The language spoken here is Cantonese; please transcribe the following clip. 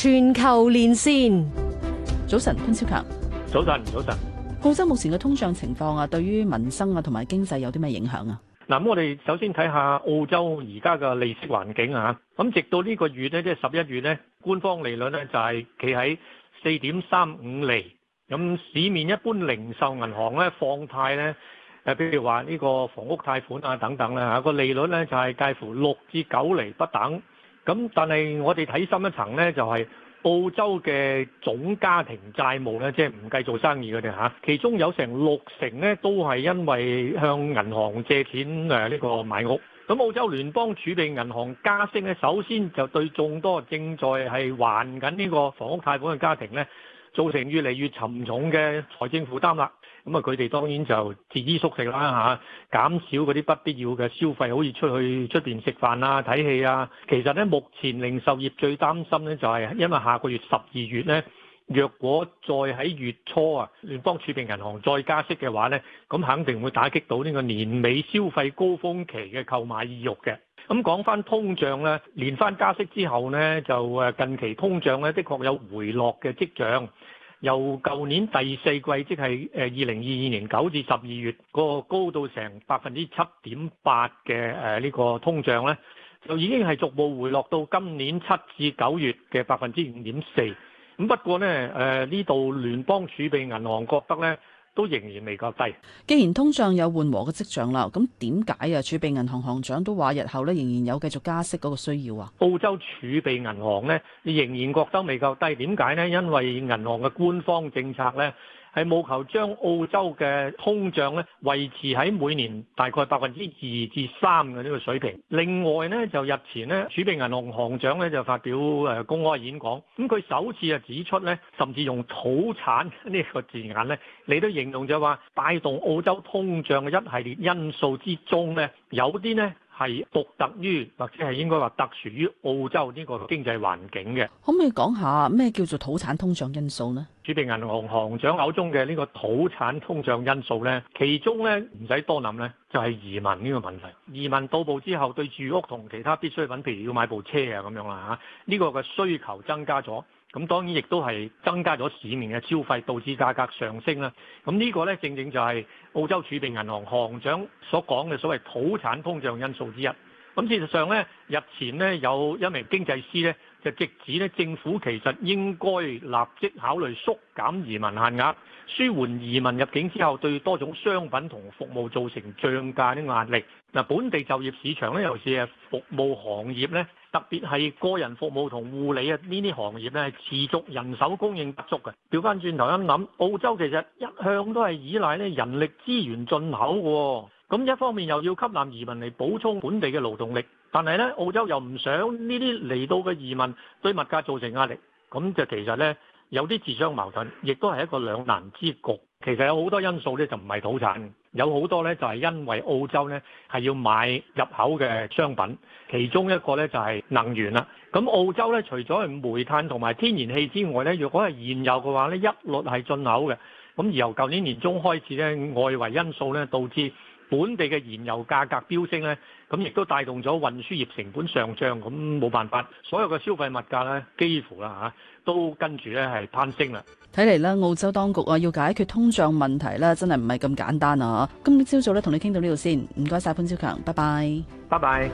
全球連線，早晨，潘昭強，早晨，早晨。澳洲目前嘅通脹情況啊，對於民生啊同埋經濟有啲咩影響啊？嗱，咁我哋首先睇下澳洲而家嘅利息環境啊，咁直到呢個月咧，即係十一月咧，官方利率咧就係企喺四點三五厘，咁市面一般零售銀行咧放貸咧，誒，譬如話呢個房屋貸款啊等等咧吓，個利率咧就係介乎六至九厘不等。咁但係我哋睇深一層呢，就係澳洲嘅總家庭債務呢，即係唔計做生意嗰啲吓，其中有成六成呢，都係因為向銀行借錢誒呢個買屋。咁澳洲聯邦儲備銀行加息呢，首先就對眾多正在係還緊呢個房屋貸款嘅家庭呢，造成越嚟越沉重嘅財政負擔啦。咁啊，佢哋當然就節衣縮食啦嚇，減少嗰啲不必要嘅消費，好似出去出邊食飯啊、睇戲啊。其實咧，目前零售業最擔心咧就係，因為下個月十二月咧，若果再喺月初啊聯邦儲備銀行再加息嘅話咧，咁肯定會打擊到呢個年尾消費高峰期嘅購買意欲嘅。咁講翻通脹咧，連翻加息之後咧，就誒近期通脹咧，的確有回落嘅跡象。由舊年第四季，即係誒二零二二年九至十二月，個高到成百分之七點八嘅誒呢個通脹咧，就已經係逐步回落到今年七至九月嘅百分之五點四。咁不過咧，誒呢度聯邦儲備銀行覺得咧。都仍然未夠低。既然通脹有緩和嘅跡象啦，咁點解啊？儲備銀行行長都話日後咧仍然有繼續加息嗰個需要啊。澳洲儲備銀行咧仍然覺得未夠低，點解呢？因為銀行嘅官方政策咧。係務求將澳洲嘅通脹咧維持喺每年大概百分之二至三嘅呢個水平。另外咧就日前咧儲備銀行行長咧就發表誒公開演講，咁佢首次啊指出咧，甚至用土產呢個字眼咧，嚟到形容就話帶動澳洲通脹嘅一系列因素之中咧，有啲咧。係獨特於或者係應該話特殊於澳洲呢個經濟環境嘅，可唔可以講下咩叫做土產通脹因素呢？儲備銀行行長口中嘅呢個土產通脹因素呢，其中呢唔使多諗呢，就係、是、移民呢個問題。移民到埗之後，對住屋同其他必需品，譬如要買部車啊咁樣啦嚇，呢、這個嘅需求增加咗。咁當然亦都係增加咗市民嘅消費，導致價格上升啦。咁呢個呢，正正就係澳洲儲備銀行行長所講嘅所謂土產通脹因素之一。咁事實上呢，日前呢，有一名經濟師呢，就直指咧，政府其實應該立即考慮縮減移民限額，舒緩移民入境之後對多種商品同服務造成漲價嘅壓力。嗱，本地就業市場咧，尤其係服務行業咧，特別係個人服務同護理啊呢啲行業咧，持續人手供應不足嘅。調返轉頭一諗，澳洲其實一向都係依賴咧人力資源進口嘅。咁一方面又要吸納移民嚟，補充本地嘅勞動力，但係咧澳洲又唔想呢啲嚟到嘅移民對物價造成壓力，咁就其實咧有啲自相矛盾，亦都係一個兩難之局。其實有好多因素咧就唔係土產，有好多咧就係因為澳洲咧係要買入口嘅商品，其中一個咧就係能源啦。咁澳洲咧除咗係煤炭同埋天然氣之外咧，若果係燃油嘅話咧，一律係進口嘅。咁而由舊年年中開始咧，外圍因素咧導致。本地嘅燃油價格飆升咧，咁亦都帶動咗運輸業成本上漲，咁冇辦法，所有嘅消費物價咧，幾乎啦嚇，都跟住咧係攀升啦。睇嚟咧，澳洲當局啊，要解決通脹問題咧，真係唔係咁簡單啊！今朝早咧，同你傾到呢度先，唔該晒，潘昭強，拜拜，拜拜。